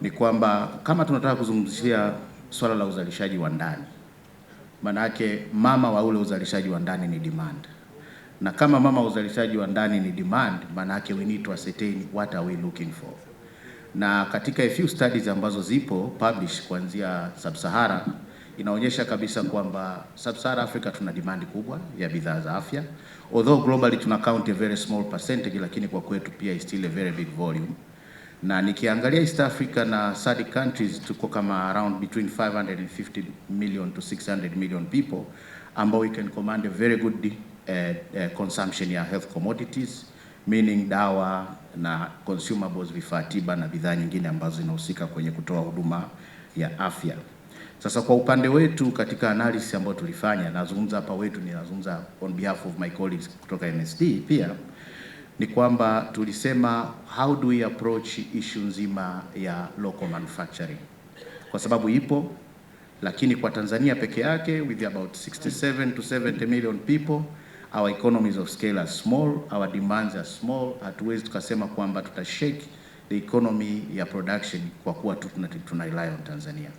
ni kwamba kama tunataka kuzungumzia swala la uzalishaji wa ndani, yake mama wa ule uzalishaji wa ndani ni demand, na kama mama wa uzalishaji wa ndani ni demand, yake we need to ascertain what are we looking for. Na katika a few studies ambazo zipo published kuanzia Sub-Sahara inaonyesha kabisa kwamba Sub-Sahara Africa tuna demand kubwa ya bidhaa za afya, although globally tuna count a very small percentage, lakini kwa kwetu pia is still a very big volume na nikiangalia East Africa na SADC countries tuko kama around between 550 million to 600 million people ambao we can command a very good uh, uh, consumption ya health commodities meaning dawa na consumables, vifaa tiba na bidhaa nyingine ambazo zinahusika kwenye kutoa huduma ya afya. Sasa kwa upande wetu katika analysis ambayo tulifanya, nazungumza hapa wetu, ninazungumza on behalf of my colleagues kutoka MSD pia ni kwamba tulisema how do we approach issue nzima ya local manufacturing kwa sababu ipo, lakini kwa Tanzania peke yake with about 67 to 70 million people our economies of scale are small, our demands are small. Hatuwezi tukasema kwamba tutashake the economy ya production kwa kuwa tu tuna rely on Tanzania.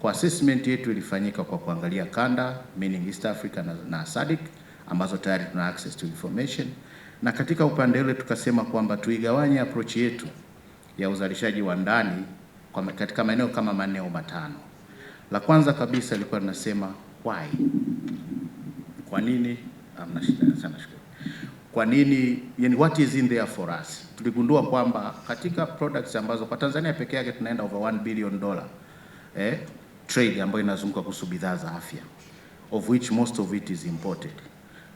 Kwa assessment yetu ilifanyika kwa kuangalia kanda meaning East Africa na, na SADC ambazo tayari tuna access to information na katika upande ule tukasema kwamba tuigawanye approach yetu ya uzalishaji wa ndani kwa katika maeneo kama maeneo matano. La kwanza kabisa ilikuwa tunasema why, kwa nini amna shida sana, shukrani, Kwa nini yani, what is in there for us? Tuligundua kwamba katika products ambazo kwa Tanzania peke yake tunaenda over 1 billion dollar eh, trade ambayo inazunguka kuhusu bidhaa za afya of which most of it is imported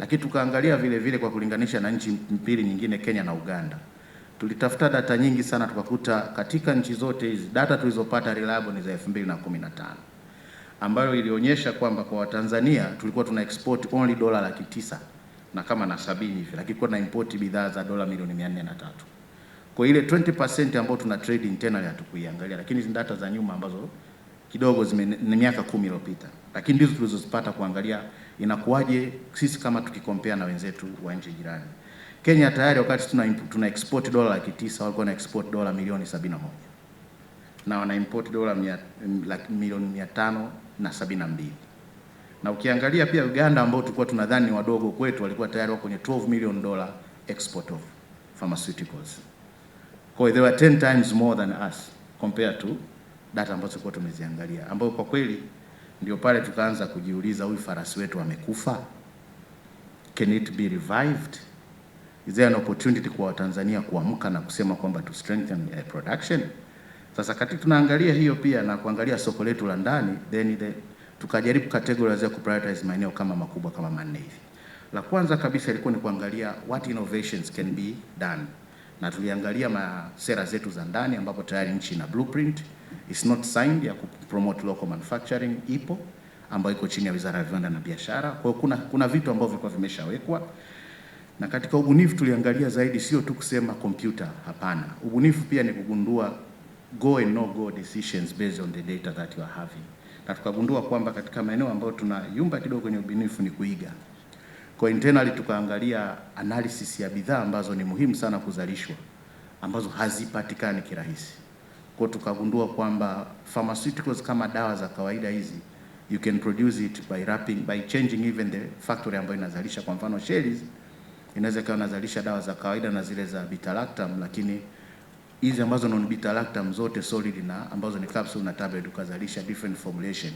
lakini tukaangalia vile vile kwa kulinganisha na nchi mbili nyingine, Kenya na Uganda. Tulitafuta data nyingi sana, tukakuta katika nchi zote hizi data tulizopata reliable ni za 2015 ambayo ilionyesha kwamba kwa Watanzania tulikuwa tuna export only dola laki tisa na kama na sabini hivi, lakini kwa na import bidhaa za dola milioni 403. Kwa ile 20% ambayo tuna trade internally hatukuiangalia, lakini hizi data za nyuma ambazo kidogo zime, ni miaka kumi iliyopita, lakini ndizo tulizozipata kuangalia inakuwaje sisi kama tukikompea na wenzetu wa nchi jirani. Kenya tayari wakati tuna, tuna export dola laki tisa walikuwa na export dola milioni sabini na moja na wana import dola milioni mia tano na sabini na mbili na ukiangalia pia Uganda ambao tulikuwa tunadhani wadogo kwetu walikuwa tayari wako kwenye 12 million dola export of pharmaceuticals. Kwa hiyo they were 10 times more than us compared to data ambazo tulikuwa tumeziangalia, ambayo kwa kweli ndio pale tukaanza kujiuliza, huyu farasi wetu amekufa? Can it be revived? Is there an opportunity kwa Watanzania kuamka na kusema kwamba to strengthen production? Sasa kati tunaangalia hiyo pia na kuangalia soko letu la ndani, then the, tukajaribu categorize ya kuprioritize maeneo kama makubwa kama manne hivi. La kwanza kabisa ilikuwa ni kuangalia what innovations can be done, na tuliangalia sera zetu za ndani ambapo tayari nchi ina blueprint is not signed ya kupromote local manufacturing ipo ambayo iko chini ya Wizara ya Viwanda na Biashara. Kwa hiyo kuna, kuna vitu ambavyo vilikuwa vimeshawekwa na katika ubunifu tuliangalia zaidi, sio tu kusema kompyuta. Hapana, ubunifu pia ni kugundua go and no go decisions based on the data that you are having, na tukagundua kwamba katika maeneo ambayo tuna yumba kidogo kwenye ubunifu ni kuiga. Kwa internally tukaangalia analysis ya bidhaa ambazo ni muhimu sana kuzalishwa ambazo hazipatikani kirahisi kwa tukagundua kwamba pharmaceuticals kama dawa za kawaida hizi you can produce it by wrapping, by changing even the factory ambayo inazalisha kwa mfano shells inaweza ikawa inazalisha dawa za kawaida na zile za beta lactam, lakini hizi ambazo non beta lactam zote solid na ambazo ni capsule na tablet ukazalisha different formulation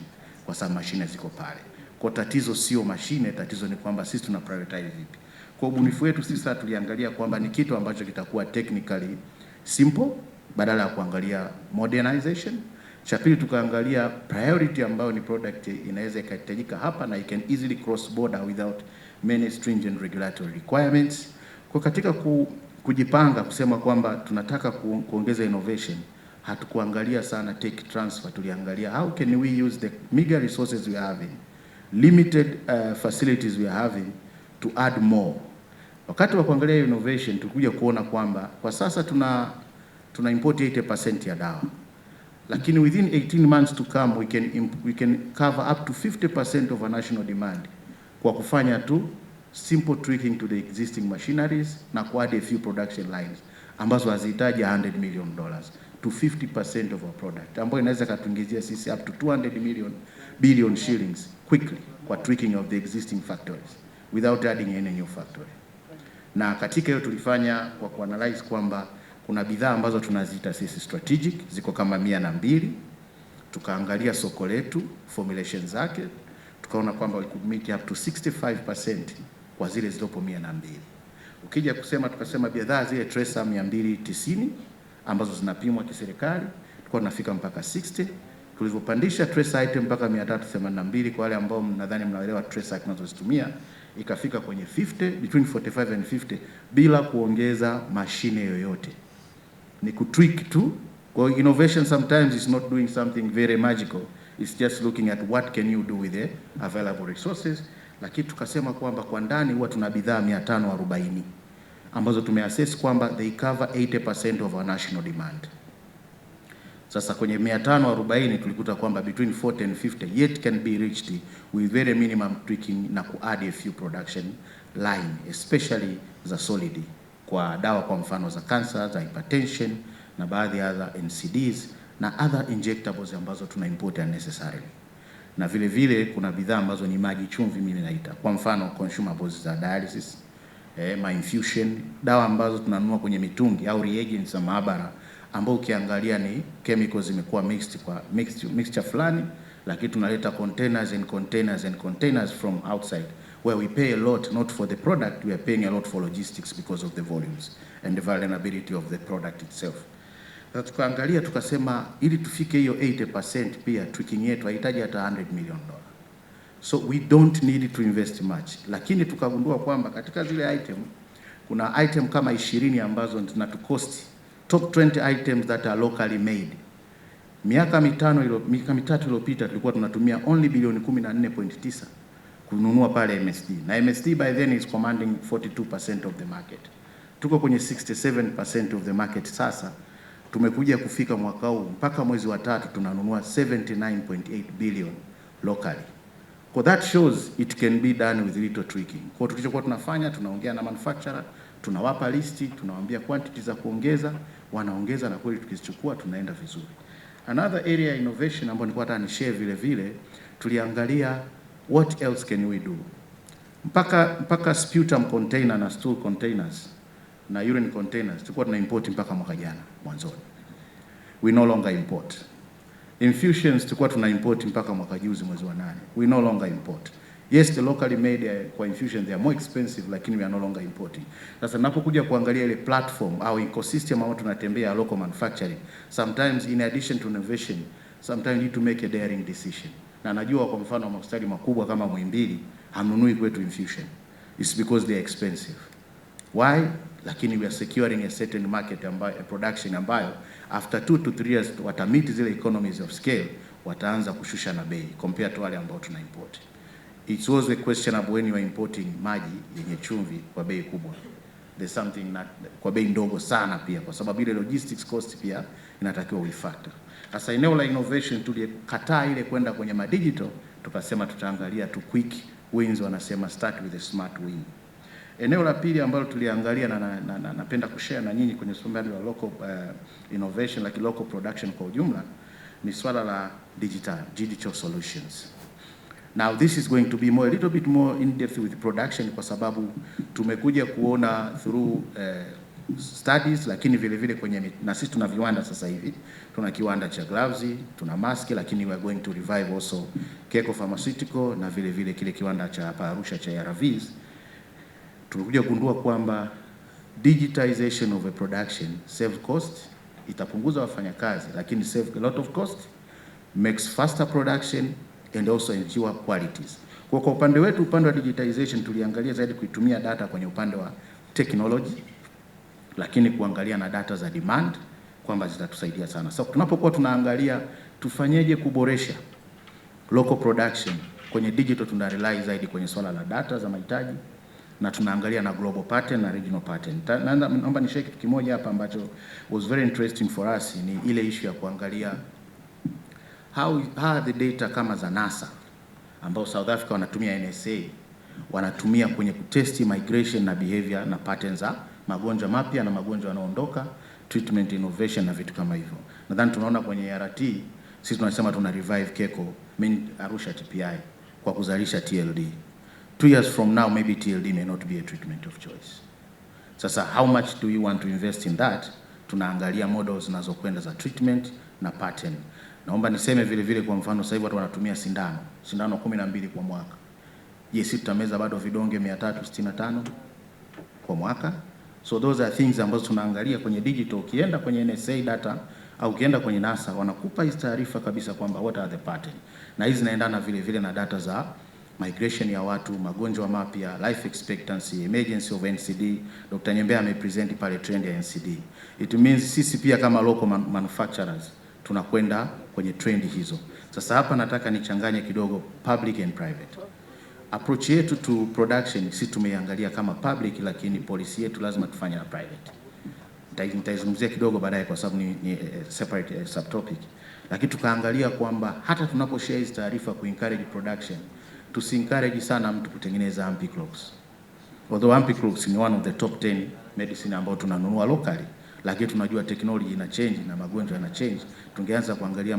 kwa sababu mashine ziko pale. Kwa tatizo sio mashine, tatizo ni kwamba sisi tuna prioritize vipi. Kwa ubunifu wetu sisi tuliangalia kwamba ni kitu ambacho kitakuwa technically simple badala ya kuangalia modernization. Cha pili tukaangalia priority ambayo ni product inaweza ikahitajika hapa na it can easily cross border without many stringent regulatory requirements. Kwa katika ku, kujipanga kusema kwamba tunataka ku, kuongeza innovation hatukuangalia sana tech transfer, tuliangalia how can we use the meager resources we are having limited uh, facilities we are having to add more. Wakati wa kuangalia innovation tukuja kuona kwamba kwa sasa tuna tuna import 80% ya dawa, lakini within 18 months to come we can, we can cover up to 50% of our national demand kwa kufanya tu simple tweaking to the existing machineries na ku kuadd a few production lines ambazo hazihitaji 100 million dollars to 50% of our product ambayo inaweza katuingizia sisi up to 200 million billion shillings quickly kwa tweaking of the existing factories without adding any new factory. Na katika hiyo tulifanya kwa kuanalyze kwamba kuna bidhaa ambazo tunaziita sisi strategic ziko kama mia na mbili. Tukaangalia soko letu formulation zake, tukaona kwamba we could meet up to 65% kwa zile zilizopo mia na mbili. Ukija kusema tukasema bidhaa zile tresa mia mbili tisini ambazo zinapimwa kiserikali tulikuwa tunafika mpaka 60 tulivyopandisha tracer item mpaka 382 kwa wale ambao nadhani mnaelewa tracer tunazozitumia ikafika kwenye 50 between 45 and 50 bila kuongeza mashine yoyote ni kutweak tu. Kwa innovation sometimes is not doing something very magical, it's just looking at what can you do with the available resources. Lakini tukasema kwamba kwa ndani huwa tuna bidhaa 540 ambazo tumeassess kwamba they cover 80% of our national demand. Sasa kwenye 540 tulikuta kwamba between 40 and 50 yet can be reached with very minimum tweaking na ku add a few production line especially za solid kwa dawa kwa mfano za kansa, za hypertension na baadhi ya other NCDs na other injectables ambazo tuna import unnecessarily, na vile vile kuna bidhaa ambazo ni maji chumvi, mimi naita kwa mfano consumables za dialysis eh, my infusion, dawa ambazo tunanunua kwenye mitungi au reagents za maabara ambao ukiangalia ni chemicals zimekuwa mixed kwa mixed, mixture fulani, lakini tunaleta containers and containers and containers from outside where we pay a lot not for the product, we are paying a lot for logistics because of the volumes and the vulnerability of the product itself. Tukaangalia tukasema, ili tufike hiyo 80% pia tweaking yetu haihitaji hata 100 million dollar, So we don't need to invest much, lakini tukagundua kwamba katika zile item kuna item kama 20 ambazo cost top 20 items that are locally made. Miaka mitano ilo, miaka mitatu iliyopita tulikuwa tunatumia only bilioni 14.9 kununua pale MSD na MSD by then is commanding 42% of the market. Tuko kwenye 67% of the market sasa. Tumekuja kufika mwaka huu mpaka mwezi wa tatu tunanunua 79.8 billion locally. Kwa that shows it can be done with little tweaking. Kwa tulichokuwa tunafanya tunaongea na manufacturer, tunawapa listi, tunawaambia quantity za kuongeza, wanaongeza na kweli tukizichukua tunaenda vizuri. Another area innovation ambayo nilikuwa nataka ni share vile vile tuliangalia what else can we do? Mpaka, mpaka sputum container na stool containers na urine containers tulikuwa tuna import mpaka mwaka jana mwanzoni, we no longer import. Infusions tulikuwa tuna import mpaka mwaka juzi mwezi wa nane, we no longer import. Yes, the locally made uh, kwa infusion they are more expensive, lakini we are no longer importing. Sasa napokuja kuangalia ile platform au ecosystem ambayo tunatembea local manufacturing, sometimes in addition to innovation, sometimes you need to make a daring decision na najua kwa mfano mahospitali makubwa kama Muhimbili hanunui kwetu infusion, it's because they are expensive. Why? Lakini we are securing a certain market ambayo, a production ambayo after two to three years watamiti zile economies of scale, wataanza kushusha na bei compared to wale ambao tuna import. It's always a question of when you are importing maji yenye chumvi kwa bei kubwa there's something not, kwa bei ndogo sana pia, kwa sababu ile logistics cost pia inatakiwa we factor. Sasa eneo la innovation tulikataa ile kwenda kwenye madigital, tukasema tutaangalia tu quick wins, wanasema start with a smart win. Eneo la pili ambalo tuliangalia na napenda na, na, na na kushare na nyinyi kwenye somo la local uh, innovation like local production kwa ujumla ni swala la digital digital solutions. Now this is going to be more a little bit more in depth with production kwa sababu tumekuja kuona through uh, studies, lakini vile vile kwenye na sisi tuna viwanda sasa hivi, tuna kiwanda cha gloves, tuna mask, lakini we are going to revive also Keko Pharmaceutical na vile vile kile kiwanda cha hapa Arusha cha ARVs. Tulikuja kugundua kwamba digitization of a production save cost, itapunguza wafanyakazi, lakini save a lot of cost, makes faster production and also ensure qualities. Kwa kwa upande wetu, upande wa digitization tuliangalia zaidi kuitumia data kwenye upande wa technology lakini kuangalia na data za demand kwamba zitatusaidia sana. So tunapokuwa tunaangalia tufanyeje kuboresha local production kwenye digital, tuna rely zaidi kwenye swala la data za mahitaji na tunaangalia na global pattern na regional pattern. Naomba nishare kitu kimoja hapa ambacho was very interesting for us ni ile issue ya kuangalia how, how the data kama za NASA ambao South Africa wanatumia NSA wanatumia kwenye kutesti migration na behavior na patterns za magonjwa mapya na magonjwa yanayoondoka, treatment innovation na vitu kama hivyo. Nadhani tunaona kwenye RT sisi tunasema tuna revive Keko main Arusha TPI kwa kuzalisha TLD. Two years from now maybe TLD may not be a treatment of choice. Sasa how much do you want to invest in that? Tunaangalia models zinazokwenda za treatment na pattern. Naomba niseme vile vile, kwa mfano sasa hivi watu wanatumia sindano sindano 12 kwa mwaka. Je, yes, sisi tutameza bado vidonge 365 kwa mwaka? So those are things ambazo tunaangalia kwenye digital. Ukienda kwenye NSA data au ukienda kwenye NASA wanakupa hizi taarifa kabisa kwamba what are the pattern, na hizi zinaendana vile vile na data za migration ya watu, magonjwa mapya, life expectancy, emergency of NCD. Dr. Nyembea amepresent pale trend ya NCD. It means sisi pia kama local man manufacturers tunakwenda kwenye trend hizo. Sasa hapa nataka nichanganye kidogo public and private approach yetu to production si tumeiangalia kama public, lakini policy yetu lazima tufanye na private. Nitaizungumzia kidogo baadaye kwa sababu ni, ni eh, eh, separate eh, subtopic, lakini tukaangalia kwamba hata tunapo share hizi taarifa ku encourage production, tusi encourage sana mtu kutengeneza ampiclox, although ampiclox ni one of the top 10 medicine ambayo tunanunua locally, lakini tunajua technology ina change na magonjwa yana change. Tungeanza kuangalia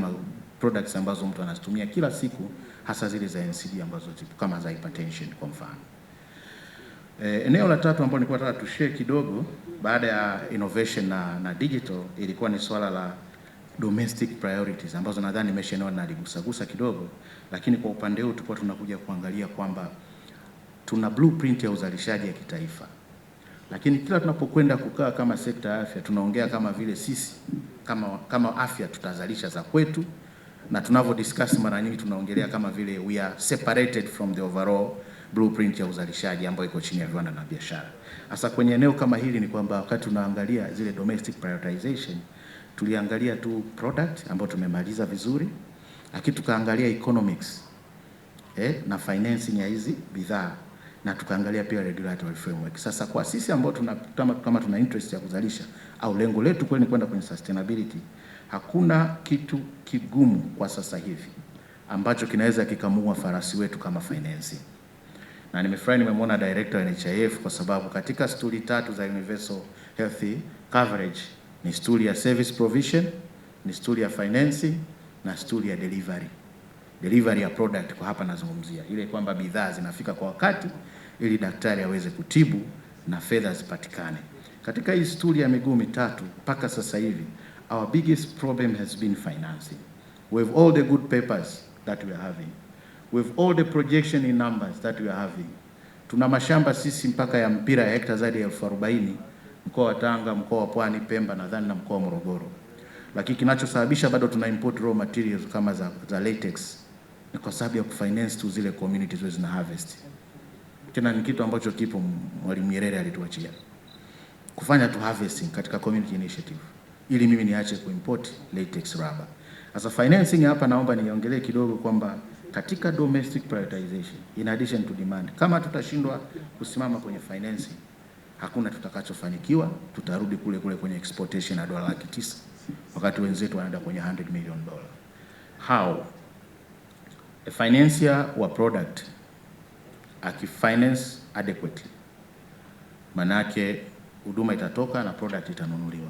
products ambazo mtu anazitumia kila siku hasa zile za NCD ambazo zipo kama za hypertension kwa mfano. E, eneo la tatu ambalo nilikuwa nataka tushare kidogo baada ya innovation na, na digital ilikuwa ni swala la domestic priorities ambazo nadhani nimeshaona naligusagusa kidogo, lakini kwa upande huu tulikuwa tunakuja kuangalia kwamba tuna blueprint ya uzalishaji ya kitaifa, lakini kila tunapokwenda kukaa kama sekta ya afya tunaongea kama vile sisi kama, kama afya tutazalisha za kwetu na tunavyo discuss mara nyingi tunaongelea kama vile we are separated from the overall blueprint ya uzalishaji ambayo iko chini ya viwanda na biashara. Sasa kwenye eneo kama hili ni kwamba wakati tunaangalia zile domestic prioritization tuliangalia tu product ambayo tumemaliza vizuri, lakini tukaangalia economics eh, na financing ya hizi bidhaa na tukaangalia pia regulatory framework. Sasa kwa sisi ambao tuna kama tuna interest ya kuzalisha au lengo letu kweli ni kwenda kwenye sustainability Hakuna kitu kigumu kwa sasa hivi ambacho kinaweza kikamua farasi wetu kama finance. Na nimefurahi nimemwona director wa NHIF kwa sababu katika stuli tatu za universal health coverage ni stuli ya service provision, ni stuli ya finance na stuli ya delivery. Delivery ya product kwa hapa nazungumzia ile kwamba bidhaa zinafika kwa wakati ili daktari aweze kutibu na fedha zipatikane. Katika hii stuli ya miguu mitatu mpaka sasa hivi our biggest problem has been financing. With all the good papers that we are having, with all the projection in numbers that we are having, tuna mashamba sisi mpaka ya mpira ya hekta zaidi ya elfu arobaini mkoa wa Tanga, mkoa wa Pwani, Pemba nadhani na mkoa wa Morogoro, lakini kinachosababisha bado tuna import raw materials kama za, za latex ni kwa sababu ya kufinance tu zile communities wezi na harvest. Tena ni kitu ambacho kipo Mwalimu Nyerere alituachia kufanya tu harvesting katika community initiative ili mimi niache kuimport latex rubber. Sasa financing hapa naomba niongelee kidogo kwamba katika domestic prioritization in addition to demand, kama tutashindwa kusimama kwenye financing, hakuna tutakachofanikiwa, tutarudi kule kule kwenye exportation ya dola laki tisa wakati wenzetu wanaenda kwenye 100 million dollar. How a financier wa product akifinance adequately, manake huduma itatoka na product itanunuliwa.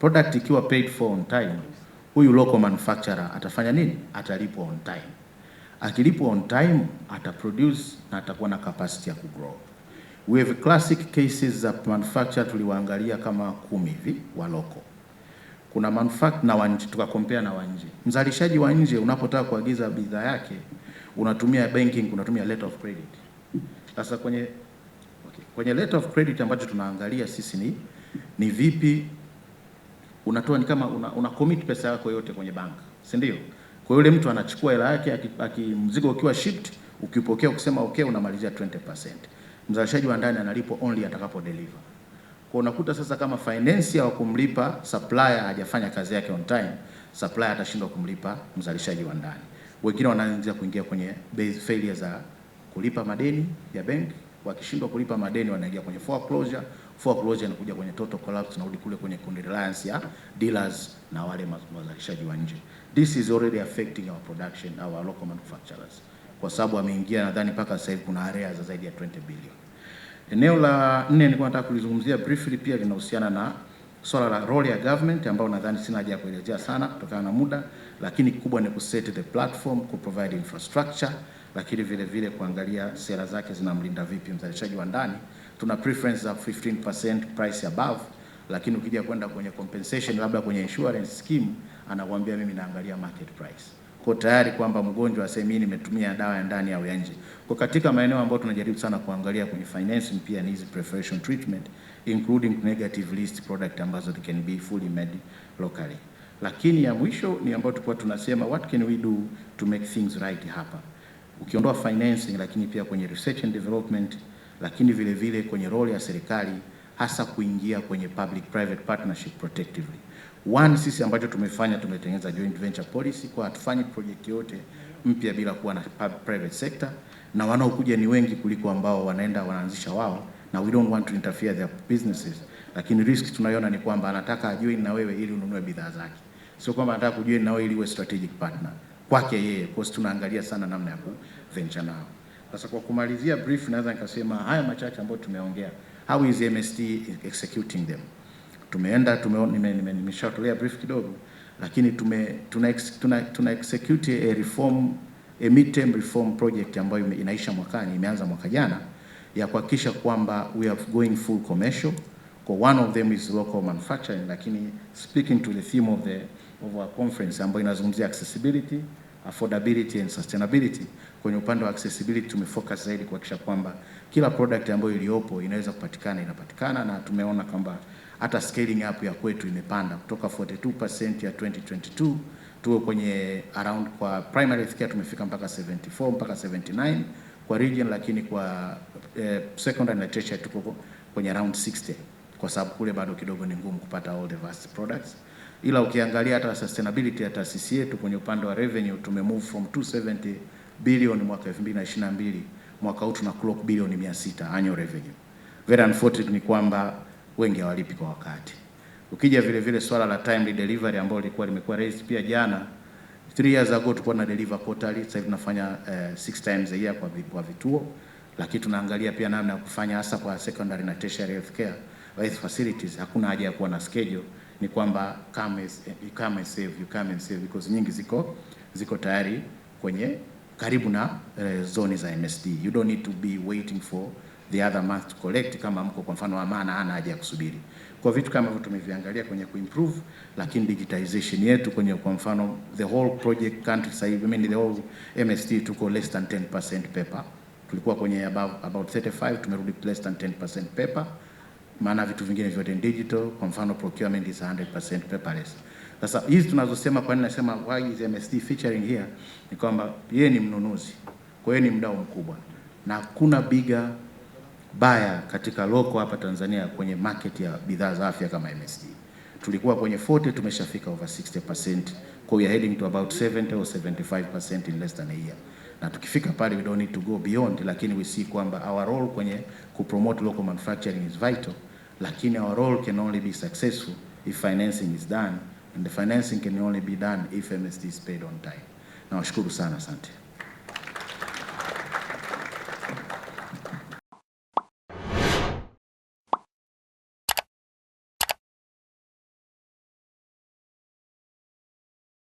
Product ikiwa paid for on time, huyu local manufacturer atafanya nini? Atalipwa on time. Akilipwa on time, ataproduce na atakuwa na capacity ya kugrow. We have classic cases za manufacturer tuliwaangalia kama kumi hivi wa local. Kuna manufacturer na wanje, tukakompea na wanje. Mzalishaji wa nje unapotaka kuagiza bidhaa yake unatumia banking, unatumia letter of credit. Sasa kwenye okay, kwenye letter of credit ambacho tunaangalia sisi ni ni vipi unatoa ni kama una, una commit pesa yako yote kwenye banka, si ndio? Kwa yule mtu anachukua hela yake akimzigo ukiwa shipped, ukipokea ukisema okay, unamalizia 20%. Mzalishaji wa ndani analipo only atakapo deliver. Kwa unakuta sasa kama financier wa kumlipa supplier hajafanya kazi yake on time, supplier atashindwa kumlipa mzalishaji wa ndani. Wengine wanaanza kuingia kwenye base failure za kulipa madeni ya benki wakishindwa kulipa madeni wanaingia kwenye foreclosure, foreclosure inakuja kwenye total collapse, narudi kule kwenye kundi reliance ya dealers na wale wazalishaji wa nje. This is already affecting our production, our local manufacturers, kwa sababu ameingia nadhani mpaka sasa hivi kuna areas za zaidi ya 20 billion. Eneo la nne nilikuwa nataka kulizungumzia briefly, pia linahusiana na swala la role ya government ambayo nadhani sina haja ya kuelezea sana kutokana na muda, lakini kikubwa ni ku set the platform, ku provide infrastructure lakini vile vile kuangalia sera zake zinamlinda vipi mzalishaji wa ndani. Tuna preference za 15% price above, lakini ukija kwenda kwenye compensation, labda kwenye insurance scheme, anakuambia mimi naangalia market price kwa tayari kwamba mgonjwa aseme nimetumia dawa ya ndani au ya nje. Kwa katika maeneo ambayo tunajaribu sana kuangalia kwenye financing pia ni hizi preferential treatment including negative list product ambazo they can be fully made locally. Lakini ya mwisho ni ambayo tulikuwa tunasema what can we do to make things right hapa ukiondoa financing, lakini pia kwenye research and development, lakini vile vile kwenye role ya serikali hasa kuingia kwenye public private partnership protectively. One, sisi ambacho tumefanya tumetengeneza joint venture policy kwa hatufanyi project yote mpya bila kuwa na private sector, na wanaokuja ni wengi kuliko ambao wanaenda wanaanzisha wao, na we don't want to interfere their businesses, lakini risk tunaiona ni kwamba anataka ajoin na wewe ili ununue bidhaa zake, sio kwamba anataka kujoin na wewe ili uwe strategic partner kwake yeye, Kwa because tunaangalia sana namna ya kuventure nao. Sasa kwa kumalizia brief, naweza nikasema haya machache ambayo tumeongea, how is MST executing them? Tumeenda tume, nimeshatolea brief kidogo, lakini tume, tuna, tuna, tuna execute a reform a midterm reform project ambayo inaisha mwakani, imeanza mwaka jana ya kuhakikisha kwamba we are going full commercial kwa one of them is local manufacturing, lakini speaking to the theme of the of our conference ambayo inazungumzia accessibility affordability and sustainability, kwenye upande wa accessibility tumefocus zaidi kuhakikisha kwamba kila product ambayo iliyopo inaweza kupatikana inapatikana, na tumeona kwamba hata scaling up ya kwetu imepanda kutoka 42% ya 2022 tuwe kwenye around kwa primary care tumefika mpaka 74 mpaka 79 kwa region, lakini kwa eh, secondary na tertiary tuko kwenye around 60 kwa sababu kule bado kidogo ni ngumu kupata all the vast products ila ukiangalia hata sustainability ya taasisi yetu kwenye upande wa revenue tume move from 270 billion mwaka 2022 mwaka huu tuna clock billion 600 annual revenue. Very unfortunate ni kwamba wengi hawalipi kwa wakati. Ukija vile vile swala la timely delivery ambalo lilikuwa limekuwa raised pia jana, 3 years ago tulikuwa na deliver quarterly, sasa hivi tunafanya 6 uh, eh, times a year kwa, kwa vituo, lakini tunaangalia pia namna ya kufanya hasa kwa secondary na tertiary healthcare health facilities. Hakuna haja ya kuwa na schedule ni kwamba come as, come and save, you come and save because nyingi ziko ziko tayari kwenye karibu na uh, zoni za MSD. You don't need to be waiting for the other month to collect. Kama mko kwa mfano Amana, ana haja ya kusubiri kwa vitu kama hivyo. Tumeviangalia kwenye kuimprove, lakini digitization yetu kwenye kwa mfano the whole project country sasa hivi, I mean the whole MSD tuko less than 10% paper. Tulikuwa kwenye above, about 35 tumerudi less than 10% paper maana vitu vingine vyote ni digital. Kwa mfano procurement is 100% paperless. Sasa hizi tunazosema, kwa nini nasema why is MSD featuring here, ni kwamba yeye ni mnunuzi, kwa hiyo ni mdau mkubwa, na hakuna bigger buyer katika loko hapa Tanzania kwenye market ya bidhaa za afya kama MSD. Tulikuwa kwenye 40 tumeshafika over 60%, kwa we are heading to about 70 or 75% in less than a year na tukifika pale we don't need to go beyond, lakini we see kwamba our role kwenye kupromote local manufacturing is vital lakini our role can only be successful if financing is done and the financing can only be done if MSD is paid on time. Nawashukuru sana, asante.